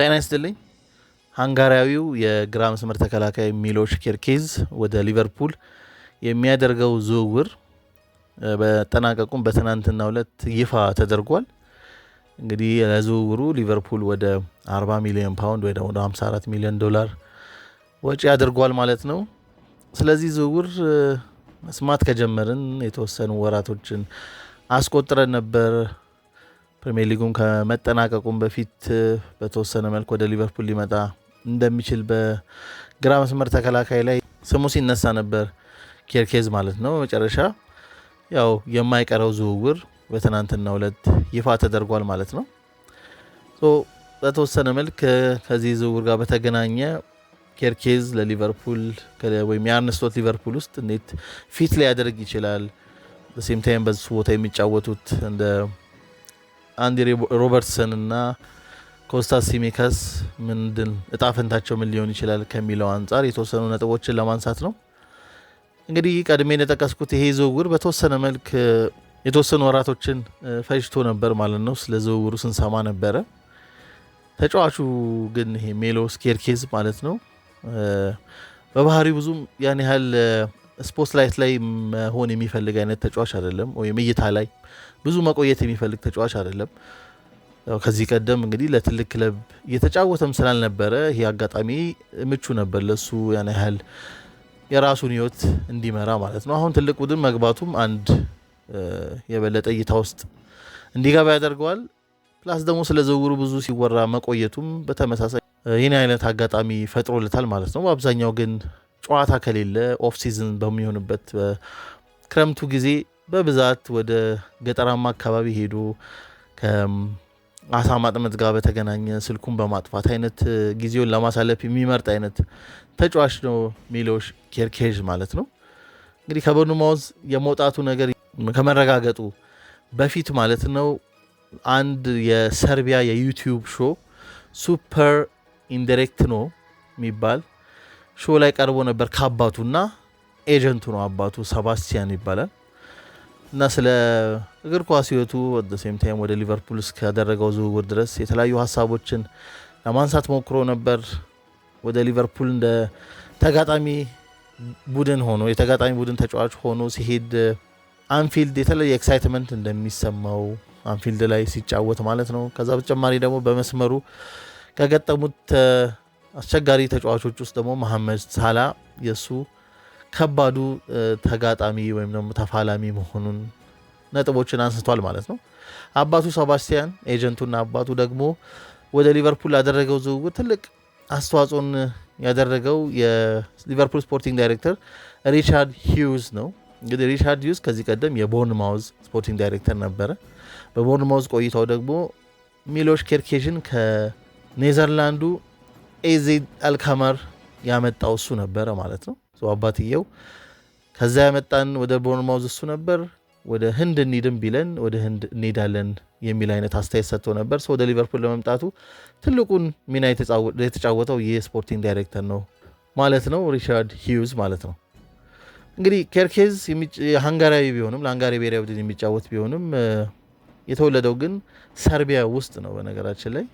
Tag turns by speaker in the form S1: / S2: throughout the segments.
S1: ጤና ይስጥልኝ። ሃንጋሪያዊው የግራ መስመር ተከላካይ ሚሎሽ ኬርኬዝ ወደ ሊቨርፑል የሚያደርገው ዝውውር በጠናቀቁም በትናንትናው ዕለት ይፋ ተደርጓል። እንግዲህ ለዝውውሩ ሊቨርፑል ወደ 40 ሚሊዮን ፓውንድ ወይ ወደ 54 ሚሊዮን ዶላር ወጪ አድርጓል ማለት ነው። ስለዚህ ዝውውር መስማት ከጀመርን የተወሰኑ ወራቶችን አስቆጥረን ነበር። ፕሪሚየር ሊጉን ከመጠናቀቁም በፊት በተወሰነ መልክ ወደ ሊቨርፑል ሊመጣ እንደሚችል በግራ መስመር ተከላካይ ላይ ስሙ ሲነሳ ነበር፣ ኬርኬዝ ማለት ነው። መጨረሻ ያው የማይቀረው ዝውውር በትናንትና ሁለት ይፋ ተደርጓል ማለት ነው። በተወሰነ መልክ ከዚህ ዝውውር ጋር በተገናኘ ኬርኬዝ ለሊቨርፑል ወይም የአርነ ሊቨርፑል ውስጥ እንዴት ፊት ሊያደርግ ይችላል? በሴም ታይም በሱ ቦታ የሚጫወቱት እንደ አንዲ እና ኮስታስ ሲሚከስ ምንድን እጣ ፈንታቸው ምን ሊሆን ይችላል ከሚለው አንጻር የተወሰኑ ነጥቦችን ለማንሳት ነው። እንግዲህ ቀድሜ እንደጠቀስኩት ይሄ ዝውውር በተወሰነ መልክ የተወሰኑ ወራቶችን ፈጅቶ ነበር ማለት ነው። ስለ ዝውውሩ ስንሰማ ነበረ። ተጫዋቹ ግን ይሄ ሜሎስ ኬርኬዝ ማለት ነው በባህሪው ብዙም ያን ያህል ስፖርት ላይት ላይ መሆን የሚፈልግ አይነት ተጫዋች አይደለም፣ ወይም እይታ ላይ ብዙ መቆየት የሚፈልግ ተጫዋች አይደለም። ከዚህ ቀደም እንግዲህ ለትልቅ ክለብ እየተጫወተም ስላልነበረ ይህ አጋጣሚ ምቹ ነበር ለሱ ያን ያህል የራሱን ህይወት እንዲመራ ማለት ነው። አሁን ትልቅ ቡድን መግባቱም አንድ የበለጠ እይታ ውስጥ እንዲገባ ያደርገዋል። ፕላስ ደግሞ ስለ ዝውውሩ ብዙ ሲወራ መቆየቱም በተመሳሳይ ይህን አይነት አጋጣሚ ፈጥሮለታል ማለት ነው። በአብዛኛው ግን ጨዋታ ከሌለ ኦፍ ሲዝን በሚሆንበት ክረምቱ ጊዜ በብዛት ወደ ገጠራማ አካባቢ ሄዶ ከአሳ ማጥመት ጋር በተገናኘ ስልኩን በማጥፋት አይነት ጊዜውን ለማሳለፍ የሚመርጥ አይነት ተጫዋች ነው ሚሎሽ ኬርኬዥ ማለት ነው። እንግዲህ ከቦርንማውዝ የመውጣቱ ነገር ከመረጋገጡ በፊት ማለት ነው አንድ የሰርቢያ የዩቲዩብ ሾ ሱፐር ኢንዲሬክት ነው የሚባል ሾ ላይ ቀርቦ ነበር ከአባቱ ኤጀንቱ ነው። አባቱ ሰባስቲያን ይባላል። እና ስለ እግር ኳስ ህይወቱ ሴም ታይም ወደ ሊቨርፑል እስካደረገው ዝውውር ድረስ የተለያዩ ሀሳቦችን ለማንሳት ሞክሮ ነበር። ወደ ሊቨርፑል እንደ ተጋጣሚ ቡድን ሆኖ የተጋጣሚ ቡድን ተጫዋች ሆኖ ሲሄድ አንፊልድ የተለየ ኤክሳይትመንት እንደሚሰማው አንፊልድ ላይ ሲጫወት ማለት ነው። ከዛ በተጨማሪ ደግሞ በመስመሩ ከገጠሙት አስቸጋሪ ተጫዋቾች ውስጥ ደግሞ መሐመድ ሳላ የእሱ ከባዱ ተጋጣሚ ወይም ደግሞ ተፋላሚ መሆኑን ነጥቦችን አንስቷል ማለት ነው። አባቱ ሰባስቲያን ኤጀንቱና አባቱ ደግሞ ወደ ሊቨርፑል ያደረገው ዝውውር ትልቅ አስተዋጽኦን ያደረገው የሊቨርፑል ስፖርቲንግ ዳይሬክተር ሪቻርድ ሂውዝ ነው። እንግዲህ ሪቻርድ ሂውዝ ከዚህ ቀደም የቦርን ማውዝ ስፖርቲንግ ዳይሬክተር ነበረ። በቦርን ማውዝ ቆይታው ደግሞ ሚሎሽ ኬርኬዥን ከኔዘርላንዱ ኤዜድ አልካማር ያመጣው እሱ ነበረ ማለት ነው። አባትየው። ከዛ ያመጣን ወደ ቦርንማውዝ እሱ ነበር። ወደ ህንድ እንሂድም ቢለን ወደ ህንድ እንሄዳለን የሚል አይነት አስተያየት ሰጥቶ ነበር። ወደ ሊቨርፑል ለመምጣቱ ትልቁን ሚና የተጫወተው የስፖርቲንግ ዳይሬክተር ነው ማለት ነው፣ ሪቻርድ ሂውዝ ማለት ነው። እንግዲህ ኬርኬዝ ሃንጋሪያዊ ቢሆንም ለሃንጋሪ ብሔራዊ ቡድን የሚጫወት ቢሆንም የተወለደው ግን ሰርቢያ ውስጥ ነው። በነገራችን ላይ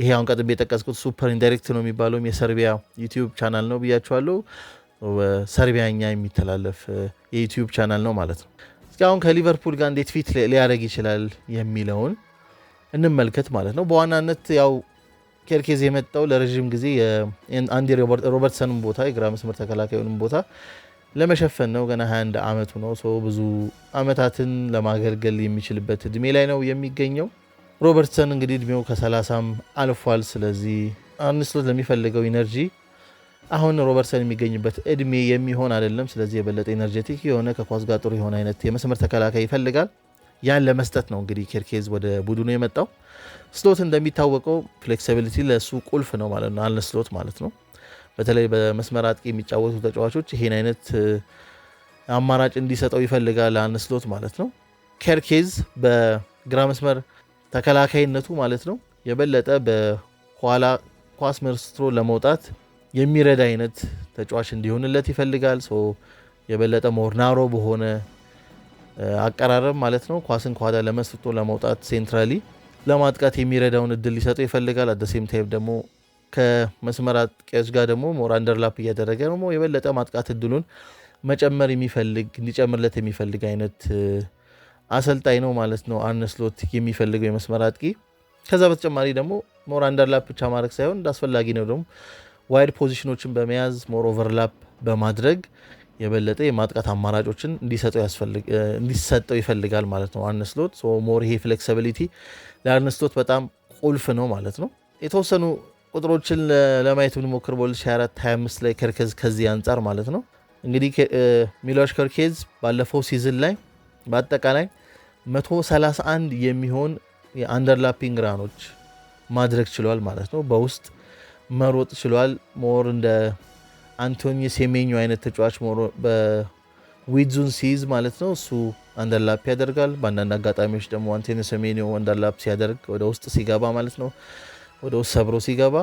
S1: ይሄ አሁን ቀጥቤ የጠቀስኩት ሱፐር ኢንዳይሬክት ነው የሚባለውም የሰርቢያ ዩቲዩብ ቻናል ነው ብያቸዋለሁ። ሰርቢያኛ የሚተላለፍ የዩቲዩብ ቻናል ነው ማለት ነው። እስኪ አሁን ከሊቨርፑል ጋር እንዴት ፊት ሊያደርግ ይችላል የሚለውን እንመልከት ማለት ነው። በዋናነት ያው ኬርኬዝ የመጣው ለረዥም ጊዜ አንዲ ሮበርትሰንም ቦታ የግራ መስመር ተከላካዩንም ቦታ ለመሸፈን ነው። ገና 21 ዓመቱ ነው። ብዙ ዓመታትን ለማገልገል የሚችልበት እድሜ ላይ ነው የሚገኘው። ሮበርትሰን እንግዲህ እድሜው ከሰላሳም አልፏል። ስለዚህ አርነ ስሎት ለሚፈልገው ኢነርጂ አሁን ሮበርትሰን የሚገኝበት እድሜ የሚሆን አይደለም። ስለዚህ የበለጠ ኤነርጄቲክ የሆነ ከኳስ ጋር ጥሩ የሆነ አይነት የመስመር ተከላካይ ይፈልጋል። ያን ለመስጠት ነው እንግዲህ ኬርኬዝ ወደ ቡድኑ የመጣው። ስሎት እንደሚታወቀው ፍሌክሲቢሊቲ ለእሱ ቁልፍ ነው ማለት ነው፣ አርነ ስሎት ማለት ነው። በተለይ በመስመር አጥቂ የሚጫወቱ ተጫዋቾች ይሄን አይነት አማራጭ እንዲሰጠው ይፈልጋል አርነ ስሎት ማለት ነው። ኬርኬዝ በግራ መስመር ተከላካይነቱ ማለት ነው የበለጠ በኋላ ኳስ መርስትሮ ለመውጣት የሚረዳ አይነት ተጫዋች እንዲሆንለት ይፈልጋል። የበለጠ ሞርናሮ በሆነ አቀራረብ ማለት ነው ኳስን ከኋላ ለመስርቶ ለመውጣት ሴንትራሊ ለማጥቃት የሚረዳውን እድል ሊሰጠው ይፈልጋል። አደሴም ታይም ደግሞ ከመስመር አጥቂያች ጋር ደግሞ ሞር አንደርላፕ እያደረገ ደግሞ የበለጠ ማጥቃት እድሉን መጨመር የሚፈልግ እንዲጨምርለት የሚፈልግ አይነት አሰልጣኝ ነው ማለት ነው አርነ ስሎት የሚፈልገው የመስመር አጥቂ። ከዛ በተጨማሪ ደግሞ ሞር አንደርላፕ ብቻ ማድረግ ሳይሆን እንዳስፈላጊ ነው ደግሞ ዋይድ ፖዚሽኖችን በመያዝ ሞር ኦቨርላፕ በማድረግ የበለጠ የማጥቃት አማራጮችን እንዲሰጠው ይፈልጋል ማለት ነው አርነ ስሎት። ሞር ይሄ ፍሌክሲቢሊቲ ለአርነ ስሎት በጣም ቁልፍ ነው ማለት ነው። የተወሰኑ ቁጥሮችን ለማየት ብንሞክር በ2024 25 ላይ ከርከዝ ከዚህ አንጻር ማለት ነው እንግዲህ ሚሎሽ ከርኬዝ ባለፈው ሲዝን ላይ በአጠቃላይ 131 የሚሆን የአንደርላፒንግ ራኖች ማድረግ ችሏል ማለት ነው። በውስጥ መሮጥ ችሏል። ሞር እንደ አንቶኒ ሴሜኞ አይነት ተጫዋች በዊድዙን ሲይዝ ማለት ነው እሱ አንደርላፕ ያደርጋል። በአንዳንድ አጋጣሚዎች ደግሞ አንቶኒ ሴሜኞ አንደርላፕ ሲያደርግ ወደ ውስጥ ሲገባ ማለት ነው ወደ ውስጥ ሰብሮ ሲገባ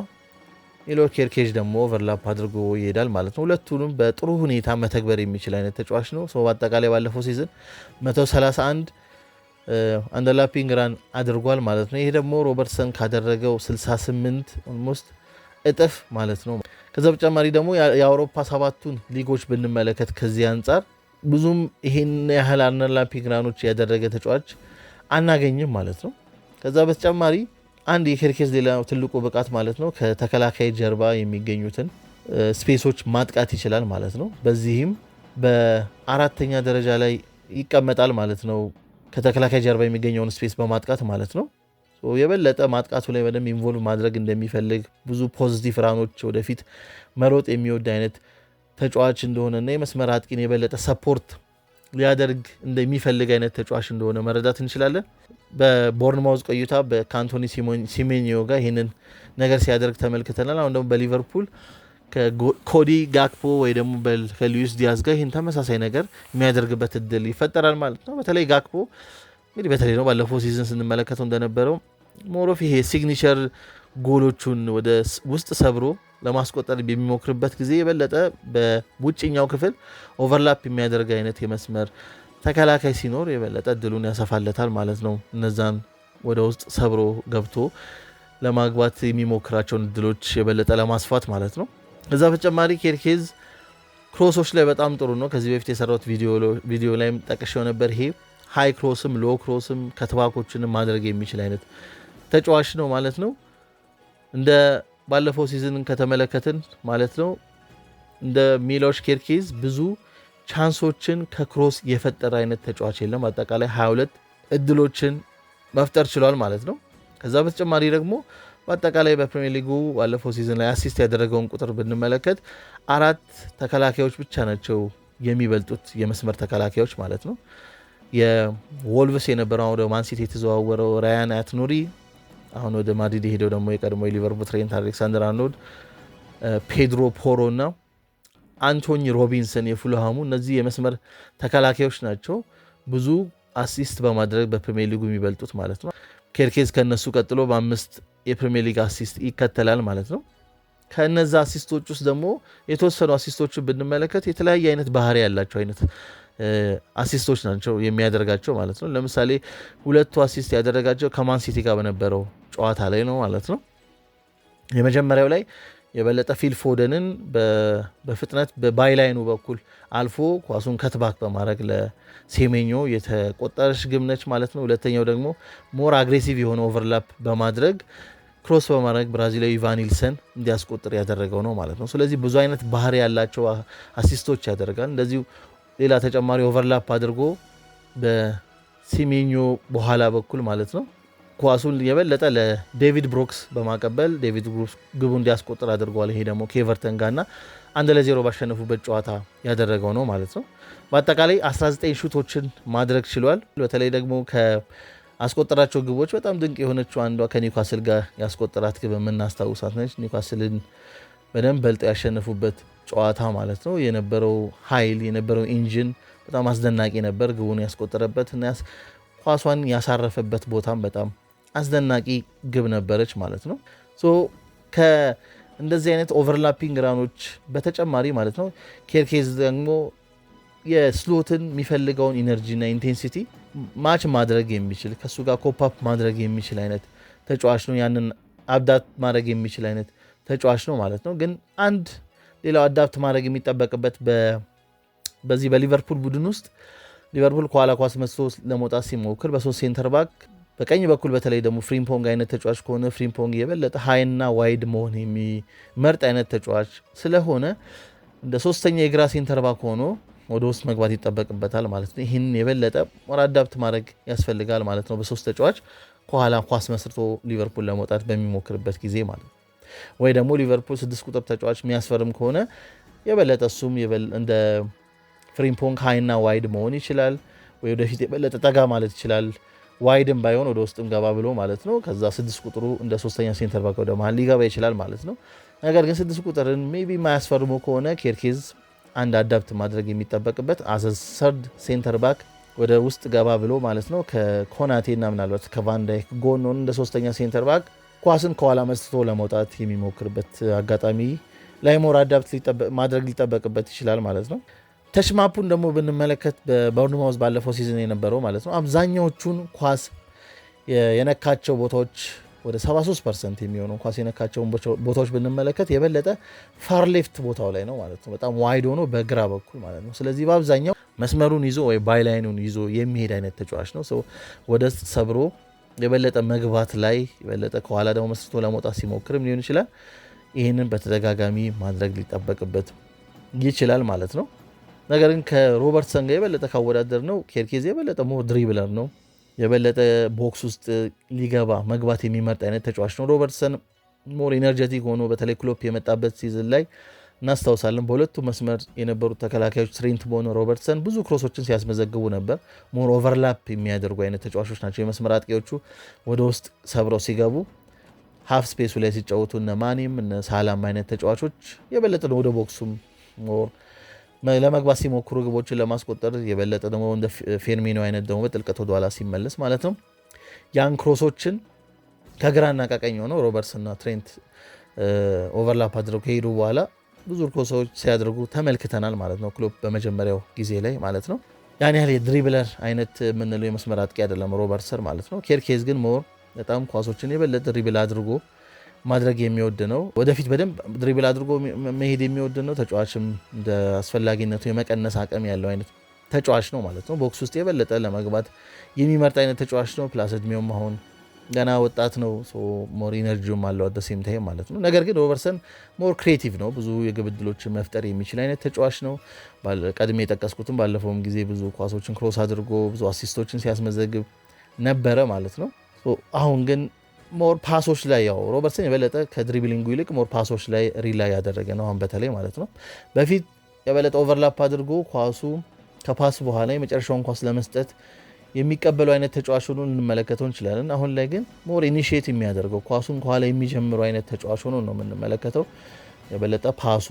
S1: ኢሎር ኬርኬጅ ደግሞ ኦቨርላፕ አድርጎ ይሄዳል ማለት ነው። ሁለቱንም በጥሩ ሁኔታ መተግበር የሚችል አይነት ተጫዋች ነው። ሰው በአጠቃላይ ባለፈው ሲዝን 131 አንደርላፒንግ ራን አድርጓል ማለት ነው። ይሄ ደግሞ ሮበርትሰን ካደረገው 68 ኦልሞስት እጥፍ ማለት ነው። ከዛ በተጨማሪ ደግሞ የአውሮፓ ሰባቱን ሊጎች ብንመለከት ከዚህ አንጻር ብዙም ይሄን ያህል አንደርላፒንግ ራኖች ያደረገ ተጫዋች አናገኝም ማለት ነው። ከዛ በተጨማሪ አንድ የኬርኬዝ ሌላ ትልቁ ብቃት ማለት ነው ከተከላካይ ጀርባ የሚገኙትን ስፔሶች ማጥቃት ይችላል ማለት ነው። በዚህም በአራተኛ ደረጃ ላይ ይቀመጣል ማለት ነው። ከተከላካይ ጀርባ የሚገኘውን ስፔስ በማጥቃት ማለት ነው። የበለጠ ማጥቃቱ ላይ በደንብ ኢንቮልቭ ማድረግ እንደሚፈልግ ብዙ ፖዚቲቭ ራኖች ወደፊት መሮጥ የሚወድ አይነት ተጫዋች እንደሆነና የመስመር አጥቂን የበለጠ ሰፖርት ሊያደርግ እንደሚፈልግ አይነት ተጫዋች እንደሆነ መረዳት እንችላለን። በቦርንማውዝ ቆይታ በካንቶኒ ሲሜኒዮ ጋር ይህንን ነገር ሲያደርግ ተመልክተናል። አሁን ደግሞ በሊቨርፑል ከኮዲ ጋክፖ ወይ ደግሞ ከሉዊስ ዲያዝ ጋር ይህን ተመሳሳይ ነገር የሚያደርግበት እድል ይፈጠራል ማለት ነው። በተለይ ጋክፖ እንግዲህ በተለይ ነው ባለፈው ሲዝን ስንመለከተው እንደነበረው ሞሮፍ ይሄ ሲግኒቸር ጎሎቹን ወደ ውስጥ ሰብሮ ለማስቆጠር በሚሞክርበት ጊዜ የበለጠ በውጭኛው ክፍል ኦቨርላፕ የሚያደርግ አይነት የመስመር ተከላካይ ሲኖር የበለጠ እድሉን ያሰፋለታል ማለት ነው። እነዛን ወደ ውስጥ ሰብሮ ገብቶ ለማግባት የሚሞክራቸውን እድሎች የበለጠ ለማስፋት ማለት ነው። እዛ በተጨማሪ ኬርኬዝ ክሮሶች ላይ በጣም ጥሩ ነው። ከዚህ በፊት የሰራሁት ቪዲዮ ላይም ጠቅሼው ነበር። ይሄ ሃይ ክሮስም ሎ ክሮስም ከትባኮችንም ማድረግ የሚችል አይነት ተጫዋች ነው ማለት ነው። እንደ ባለፈው ሲዝን ከተመለከትን ማለት ነው እንደ ሚሎሽ ኬርኬዝ ብዙ ቻንሶችን ከክሮስ የፈጠረ አይነት ተጫዋች የለም። አጠቃላይ 22 እድሎችን መፍጠር ችሏል ማለት ነው። ከዛ በተጨማሪ ደግሞ በአጠቃላይ በፕሪሚየር ሊጉ ባለፈው ሲዝን ላይ አሲስት ያደረገውን ቁጥር ብንመለከት አራት ተከላካዮች ብቻ ናቸው የሚበልጡት የመስመር ተከላካዮች ማለት ነው። የወልቭስ የነበረው ወደ ማንሲቲ የተዘዋወረው ራያን አትኑሪ አሁን ወደ ማድሪድ የሄደው ደግሞ የቀድሞ የሊቨርፑል ትሬንት አሌክሳንደር አርኖልድ፣ ፔድሮ ፖሮ እና አንቶኒ ሮቢንሰን የፉልሃሙ እነዚህ የመስመር ተከላካዮች ናቸው ብዙ አሲስት በማድረግ በፕሪሚየር ሊጉ የሚበልጡት ማለት ነው። ኬርኬዝ ከነሱ ቀጥሎ በአምስት የፕሪሚየር ሊግ አሲስት ይከተላል ማለት ነው። ከነዛ አሲስቶች ውስጥ ደግሞ የተወሰኑ አሲስቶችን ብንመለከት የተለያየ አይነት ባህሪ ያላቸው አይነት አሲስቶች ናቸው የሚያደርጋቸው ማለት ነው። ለምሳሌ ሁለቱ አሲስት ያደረጋቸው ከማንሲቲ ጋር በነበረው ጨዋታ ላይ ነው ማለት ነው። የመጀመሪያው ላይ የበለጠ ፊል ፎደንን በፍጥነት በባይላይኑ በኩል አልፎ ኳሱን ከትባክ በማድረግ ለሴሜኞ የተቆጠረች ግብ ነች ማለት ነው። ሁለተኛው ደግሞ ሞር አግሬሲቭ የሆነ ኦቨርላፕ በማድረግ ክሮስ በማድረግ ብራዚላዊ ቫኒልሰን እንዲያስቆጥር ያደረገው ነው ማለት ነው። ስለዚህ ብዙ አይነት ባህሪ ያላቸው አሲስቶች ያደርጋል። እንደዚሁ ሌላ ተጨማሪ ኦቨርላፕ አድርጎ በሴሜኞ በኋላ በኩል ማለት ነው ኳሱን የበለጠ ለዴቪድ ብሮክስ በማቀበል ዴቪድ ብሮክስ ግቡ እንዲያስቆጥር አድርጓል። ይሄ ደግሞ ከኤቨርተን ጋርና አንድ ለዜሮ ባሸነፉበት ጨዋታ ያደረገው ነው ማለት ነው። በአጠቃላይ 19 ሹቶችን ማድረግ ችሏል። በተለይ ደግሞ ከአስቆጠራቸው ግቦች በጣም ድንቅ የሆነችው አንዷ ከኒውካስል ጋር ያስቆጠራት ግብ የምናስታውሳት ነች። ኒውካስልን በደንብ በልጠው ያሸነፉበት ጨዋታ ማለት ነው። የነበረው ኃይል የነበረው ኢንጂን በጣም አስደናቂ ነበር። ግቡን ያስቆጠረበት እና ኳሷን ያሳረፈበት ቦታም በጣም አስደናቂ ግብ ነበረች ማለት ነው። እንደዚህ አይነት ኦቨርላፒንግ ራኖች በተጨማሪ ማለት ነው ኬርኬዝ ደግሞ የስሎትን የሚፈልገውን ኢነርጂና ኢንቴንሲቲ ማች ማድረግ የሚችል ከእሱ ጋር ኮፓፕ ማድረግ የሚችል አይነት ተጫዋች ነው። ያንን አብዳት ማድረግ የሚችል አይነት ተጫዋች ነው ማለት ነው። ግን አንድ ሌላው አዳፕት ማድረግ የሚጠበቅበት በዚህ በሊቨርፑል ቡድን ውስጥ ሊቨርፑል ከኋላ ኳስ መስቶ ለመውጣት ሲሞክር በሶስት ሴንተር ባክ በቀኝ በኩል በተለይ ደግሞ ፍሪምፖንግ አይነት ተጫዋች ከሆነ ፍሪምፖንግ የበለጠ ሀይና ዋይድ መሆን የሚመርጥ አይነት ተጫዋች ስለሆነ እንደ ሶስተኛ የግራ ሴንተር ባክ ሆኖ ወደ ውስጥ መግባት ይጠበቅበታል ማለት ነው። ይህን የበለጠ ሞር አዳፕት ማድረግ ያስፈልጋል ማለት ነው። በሶስት ተጫዋች ከኋላ ኳስ መስርቶ ሊቨርፑል ለመውጣት በሚሞክርበት ጊዜ ማለት ነው። ወይ ደግሞ ሊቨርፑል ስድስት ቁጥር ተጫዋች የሚያስፈርም ከሆነ የበለጠ እሱም እንደ ፍሪምፖንግ ሀይና ዋይድ መሆን ይችላል፣ ወይ ወደፊት የበለጠ ጠጋ ማለት ይችላል። ዋይድም ባይሆን ወደ ውስጥም ገባ ብሎ ማለት ነው። ከዛ ስድስት ቁጥሩ እንደ ሶስተኛ ሴንተር ባክ ወደ መሀል ሊገባ ይችላል ማለት ነው። ነገር ግን ስድስት ቁጥርን ሜቢ የማያስፈርሙ ከሆነ ኬርኬዝ አንድ አዳፕት ማድረግ የሚጠበቅበት አዘ ሰርድ ሴንተር ባክ ወደ ውስጥ ገባ ብሎ ማለት ነው ከኮናቴና ምናልባት ከቫንዳይክ ጎን እንደ ሶስተኛ ሴንተር ባክ ኳስን ከኋላ መስጥቶ ለመውጣት የሚሞክርበት አጋጣሚ ላይ ሞር አዳፕት ማድረግ ሊጠበቅበት ይችላል ማለት ነው። ተሽማፑን ደግሞ ብንመለከት በቦርንማውዝ ባለፈው ሲዝን የነበረው ማለት ነው አብዛኛዎቹን ኳስ የነካቸው ቦታዎች ወደ 73 ፐርሰንት የሚሆኑ ኳስ የነካቸውን ቦታዎች ብንመለከት የበለጠ ፋርሌፍት ቦታው ላይ ነው ማለት ነው። በጣም ዋይድ ሆኖ በግራ በኩል ማለት ነው። ስለዚህ በአብዛኛው መስመሩን ይዞ ወይ ባይላይኑን ይዞ የሚሄድ አይነት ተጫዋች ነው። ወደ ሰብሮ የበለጠ መግባት ላይ የበለጠ ከኋላ ደግሞ መስርቶ ለመውጣት ሲሞክርም ሊሆን ይችላል። ይህንን በተደጋጋሚ ማድረግ ሊጠበቅበት ይችላል ማለት ነው። ነገር ግን ከሮበርትሰን ጋር የበለጠ ካወዳደር ነው ኬርኬዝ የበለጠ ሞር ድሪብለር ነው። የበለጠ ቦክስ ውስጥ ሊገባ መግባት የሚመርጥ አይነት ተጫዋች ነው። ሮበርትሰን ሞር ኤነርጀቲክ ሆኖ በተለይ ክሎፕ የመጣበት ሲዝን ላይ እናስታውሳለን። በሁለቱ መስመር የነበሩት ተከላካዮች ትሬንት በሆነ ሮበርትሰን ብዙ ክሮሶችን ሲያስመዘግቡ ነበር። ሞር ኦቨርላፕ የሚያደርጉ አይነት ተጫዋቾች ናቸው። የመስመር አጥቂዎቹ ወደ ውስጥ ሰብረው ሲገቡ ሀፍ ስፔሱ ላይ ሲጫወቱ እነ ማኒም እነ ሳላም አይነት ተጫዋቾች የበለጠ ወደ ቦክሱም ሞር ለመግባት ሲሞክሩ ግቦችን ለማስቆጠር የበለጠ ደግሞ እንደ ፌርሚኖ አይነት ደግሞ በጥልቀት ወደኋላ ሲመለስ ማለት ነው ያን ክሮሶችን ከግራና ቀቀኝ ሆነው ሮበርትስና ትሬንት ኦቨርላፕ አድርገው ከሄዱ በኋላ ብዙ ክሮሶች ሲያደርጉ ተመልክተናል ማለት ነው። ክሎፕ በመጀመሪያው ጊዜ ላይ ማለት ነው ያን ያህል የድሪብለር አይነት የምንለው የመስመር አጥቂ አይደለም ሮበርትሰን ማለት ነው። ኬርኬዝ ግን ሞር በጣም ኳሶችን የበለጠ ድሪብል አድርጎ ማድረግ የሚወድ ነው። ወደፊት በደንብ ድሪብል አድርጎ መሄድ የሚወድ ነው። ተጫዋችም እንደ አስፈላጊነቱ የመቀነስ አቅም ያለው አይነት ተጫዋች ነው ማለት ነው። ቦክስ ውስጥ የበለጠ ለመግባት የሚመርጥ አይነት ተጫዋች ነው። ፕላስ እድሜውም አሁን ገና ወጣት ነው። ሞር ኢነርጂውም አለው አደ ሴም ታይም ማለት ነው። ነገር ግን ሮበርሰን ሞር ክሬቲቭ ነው። ብዙ የግብ ዕድሎችን መፍጠር የሚችል አይነት ተጫዋች ነው። ቀድሜ የጠቀስኩትም ባለፈውም ጊዜ ብዙ ኳሶችን ክሮስ አድርጎ ብዙ አሲስቶችን ሲያስመዘግብ ነበረ ማለት ነው። አሁን ግን ሞር ፓሶች ላይ ያው ሮበርትሰን የበለጠ ከድሪብሊንጉ ይልቅ ሞር ፓሶች ላይ ሪላይ ያደረገ ነው። አሁን በተለይ ማለት ነው። በፊት የበለጠ ኦቨርላፕ አድርጎ ኳሱ ከፓስ በኋላ የመጨረሻውን ኳስ ለመስጠት የሚቀበሉ አይነት ተጫዋች ሆኖ እንመለከተው እንችላለን። አሁን ላይ ግን ሞር ኢኒሽት የሚያደርገው ኳሱን ከኋላ የሚጀምሩ አይነት ተጫዋች ሆኖ ነው የምንመለከተው። የበለጠ ፓሱ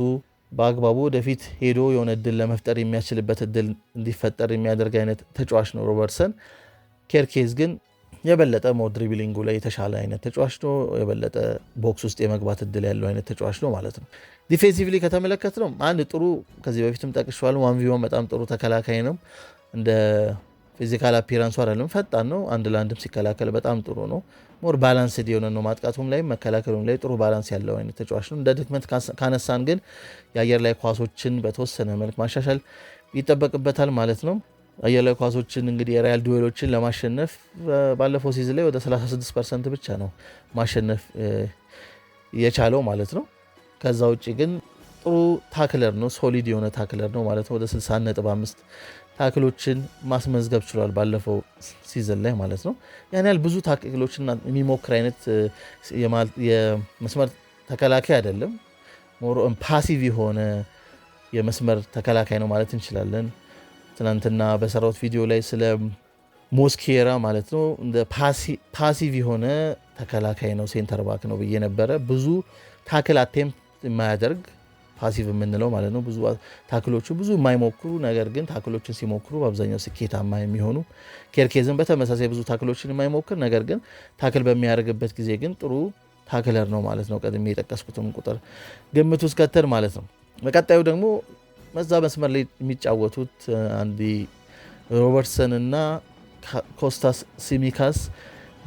S1: በአግባቡ ወደፊት ሄዶ የሆነ እድል ለመፍጠር የሚያስችልበት እድል እንዲፈጠር የሚያደርግ አይነት ተጫዋች ነው ሮበርትሰን። ኬርኬዝ ግን የበለጠ ሞ ድሪቢሊንጉ ላይ የተሻለ አይነት ተጫዋች ነው። የበለጠ ቦክስ ውስጥ የመግባት እድል ያለው አይነት ተጫዋች ነው ማለት ነው። ዲፌንሲቭሊ ከተመለከት ነው አንድ ጥሩ ከዚህ በፊትም ጠቅሸዋል። ዋን ዋንቪዮን በጣም ጥሩ ተከላካይ ነው። እንደ ፊዚካል አፒራንሱ አይደለም፣ ፈጣን ነው። አንድ ለአንድም ሲከላከል በጣም ጥሩ ነው። ሞር ባላንስ የሆነ ነው። ማጥቃቱም ላይ መከላከሉም ላይ ጥሩ ባላንስ ያለው አይነት ተጫዋች ነው። እንደ ድክመት ካነሳን ግን የአየር ላይ ኳሶችን በተወሰነ መልክ ማሻሻል ይጠበቅበታል ማለት ነው። አየለ ኳሶችን እንግዲህ የራያል ዱዌሎችን ለማሸነፍ ባለፈው ሲዝን ላይ ወደ 36 ፐርሰንት ብቻ ነው ማሸነፍ የቻለው ማለት ነው። ከዛ ውጭ ግን ጥሩ ታክለር ነው፣ ሶሊድ የሆነ ታክለር ነው ማለት ነው። ወደ 60.5 ታክሎችን ማስመዝገብ ችሏል ባለፈው ሲዝን ላይ ማለት ነው። ያን ያህል ብዙ ታክሎችን የሚሞክር አይነት የመስመር ተከላካይ አይደለም። ሞሮ ፓሲቭ የሆነ የመስመር ተከላካይ ነው ማለት እንችላለን። ትናንትና በሰራሁት ቪዲዮ ላይ ስለ ሞስኬራ ማለት ነው እንደ ፓሲቭ የሆነ ተከላካይ ነው ሴንተር ባክ ነው ብዬ ነበረ። ብዙ ታክል አቴምፕት የማያደርግ ፓሲቭ የምንለው ማለት ነው። ብዙ ታክሎቹ ብዙ የማይሞክሩ ነገር ግን ታክሎችን ሲሞክሩ በአብዛኛው ስኬታማ የሚሆኑ ኬርኬዝን በተመሳሳይ ብዙ ታክሎችን የማይሞክር ነገር ግን ታክል በሚያደርግበት ጊዜ ግን ጥሩ ታክለር ነው ማለት ነው። ቀድሜ የጠቀስኩትም ቁጥር ግምት ውስጥ ማለት ነው። በቀጣዩ ደግሞ በዛ መስመር ላይ የሚጫወቱት አንዲ ሮበርትሰን እና ኮስታስ ሲሚካስ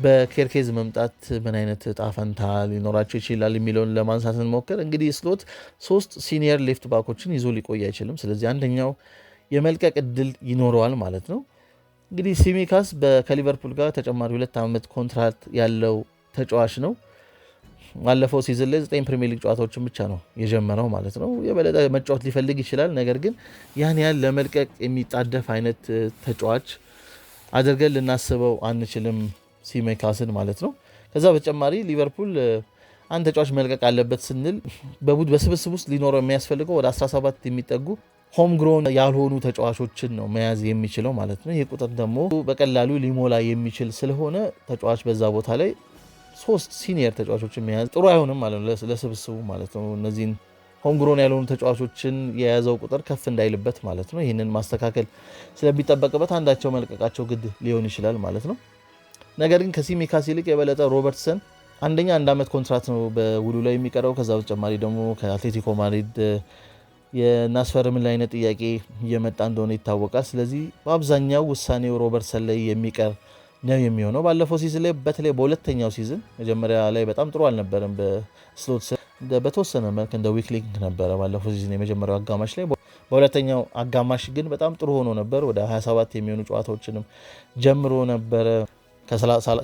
S1: በኬርኬዝ መምጣት ምን አይነት እጣ ፈንታ ሊኖራቸው ይችላል የሚለውን ለማንሳት እንሞክር። እንግዲህ ስሎት ሶስት ሲኒየር ሌፍት ባኮችን ይዞ ሊቆይ አይችልም። ስለዚህ አንደኛው የመልቀቅ እድል ይኖረዋል ማለት ነው። እንግዲህ ሲሚካስ ከሊቨርፑል ጋር ተጨማሪ ሁለት ዓመት ኮንትራት ያለው ተጫዋች ነው። አለፈው ሲዝን ላይ ዘጠኝ ፕሪሚየር ሊግ ጨዋታዎችን ብቻ ነው የጀመረው ማለት ነው። የበለጠ መጫወት ሊፈልግ ይችላል። ነገር ግን ያን ያህል ለመልቀቅ የሚጣደፍ አይነት ተጫዋች አድርገን ልናስበው አንችልም፣ ሲሜካስን ማለት ነው። ከዛ በተጨማሪ ሊቨርፑል አንድ ተጫዋች መልቀቅ አለበት ስንል በቡድ በስብስብ ውስጥ ሊኖረው የሚያስፈልገው ወደ 17 የሚጠጉ ሆም ግሮን ያልሆኑ ተጫዋቾችን ነው መያዝ የሚችለው ማለት ነው። ይህ ቁጥር ደግሞ በቀላሉ ሊሞላ የሚችል ስለሆነ ተጫዋች በዛ ቦታ ላይ ሶስት ሲኒየር ተጫዋቾችን መያዝ ጥሩ አይሆንም ማለት ነው፣ ለስብስቡ ማለት ነው። እነዚህን ሆምግሮን ያልሆኑ ተጫዋቾችን የያዘው ቁጥር ከፍ እንዳይልበት ማለት ነው። ይህንን ማስተካከል ስለሚጠበቅበት አንዳቸው መልቀቃቸው ግድ ሊሆን ይችላል ማለት ነው። ነገር ግን ከሲሚካስ ይልቅ የበለጠ ሮበርትሰን አንደኛ አንድ ዓመት ኮንትራት ነው በውሉ ላይ የሚቀረው። ከዛ በተጨማሪ ደግሞ ከአትሌቲኮ ማድሪድ ምን አይነት ጥያቄ እየመጣ እንደሆነ ይታወቃል። ስለዚህ በአብዛኛው ውሳኔው ሮበርትሰን ላይ የሚቀር ነው የሚሆነው። ባለፈው ሲዝን ላይ በተለይ በሁለተኛው ሲዝን መጀመሪያ ላይ በጣም ጥሩ አልነበረም። በስሎት በተወሰነ መልክ እንደ ዊክሊንግ ነበረ ባለፈው ሲዝን የመጀመሪያው አጋማሽ ላይ። በሁለተኛው አጋማሽ ግን በጣም ጥሩ ሆኖ ነበር። ወደ 27 የሚሆኑ ጨዋታዎችንም ጀምሮ ነበረ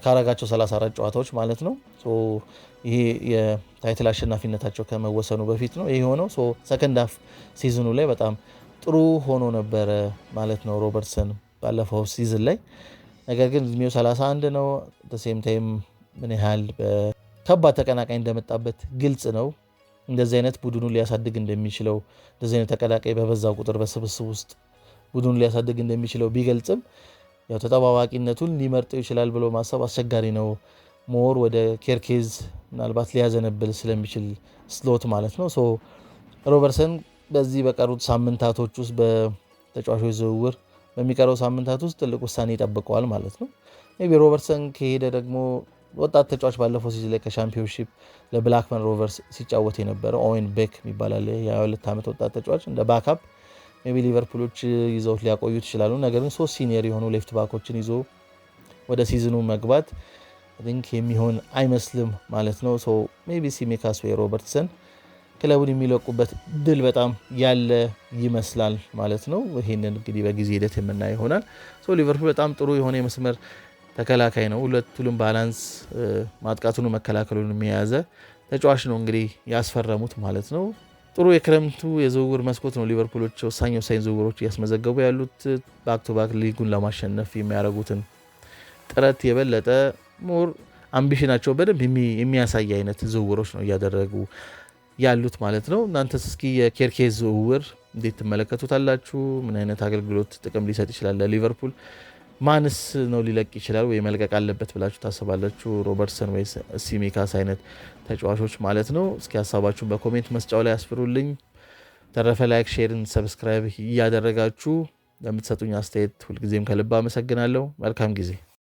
S1: ካረጋቸው 34 ጨዋታዎች ማለት ነው። ይሄ የታይትል አሸናፊነታቸው ከመወሰኑ በፊት ነው ይህ የሆነው። ሰከንድ ሀፍ ሲዝኑ ላይ በጣም ጥሩ ሆኖ ነበረ ማለት ነው ሮበርትሰን ባለፈው ሲዝን ላይ ነገር ግን እድሜው 31 ነው። ተሴም ታይም ምን ያህል ከባድ ተቀናቃኝ እንደመጣበት ግልጽ ነው። እንደዚህ አይነት ቡድኑ ሊያሳድግ እንደሚችለው እንደዚህ አይነት ተቀናቃኝ በበዛ ቁጥር በስብስብ ውስጥ ቡድኑ ሊያሳድግ እንደሚችለው ቢገልጽም ያው ተጠባባቂነቱን ሊመርጠው ይችላል ብሎ ማሰብ አስቸጋሪ ነው። ሞር ወደ ኬርኬዝ ምናልባት ሊያዘነብል ስለሚችል ስሎት ማለት ነው። ሶ ሮበርሰን በዚህ በቀሩት ሳምንታቶች ውስጥ በተጫዋቾች ዝውውር በሚቀረው ሳምንታት ውስጥ ትልቅ ውሳኔ ይጠብቀዋል ማለት ነው። ቢ ሮበርትሰን ከሄደ ደግሞ ወጣት ተጫዋች ባለፈው ሲዝን ላይ ከሻምፒዮንሺፕ ለብላክመን ሮቨርስ ሲጫወት የነበረው ኦዌን ቤክ የሚባላል የ22 ዓመት ወጣት ተጫዋች እንደ ባካፕ ቢ ሊቨርፑሎች ይዘውት ሊያቆዩት ይችላሉ። ነገር ግን ሶስት ሲኒየር የሆኑ ሌፍት ባኮችን ይዞ ወደ ሲዝኑ መግባት ሪንክ የሚሆን አይመስልም ማለት ነው። ሜቢ ሲሜካስ ወይ ሮበርትሰን ክለቡን የሚለቁበት ድል በጣም ያለ ይመስላል ማለት ነው። ይህንን እንግዲህ በጊዜ ሂደት የምናየው ይሆናል። ሊቨርፑል በጣም ጥሩ የሆነ የመስመር ተከላካይ ነው። ሁለቱንም ባላንስ ማጥቃቱን መከላከሉን የያዘ ተጫዋች ነው እንግዲህ ያስፈረሙት ማለት ነው። ጥሩ የክረምቱ የዝውውር መስኮት ነው። ሊቨርፑሎች ወሳኝ ወሳኝ ዝውውሮች እያስመዘገቡ ያሉት ባክ ቱ ባክ ሊጉን ለማሸነፍ የሚያደርጉትን ጥረት የበለጠ ሞር አምቢሽናቸው በደንብ የሚያሳይ አይነት ዝውውሮች ነው እያደረጉ ያሉት ማለት ነው። እናንተስ እስኪ የኬርኬዝ ዝውውር እንዴት ትመለከቱታላችሁ? ምን አይነት አገልግሎት ጥቅም ሊሰጥ ይችላል ለሊቨርፑል? ማንስ ነው ሊለቅ ይችላል ወይ መልቀቅ አለበት ብላችሁ ታስባላችሁ? ሮበርትሰን ወይ ሲሚካስ አይነት ተጫዋቾች ማለት ነው። እስኪ ሀሳባችሁን በኮሜንት መስጫው ላይ ያስፍሩልኝ። ተረፈ ላይክ፣ ሼርን ሰብስክራይብ እያደረጋችሁ ለምትሰጡኝ አስተያየት ሁልጊዜም ከልብ አመሰግናለሁ። መልካም ጊዜ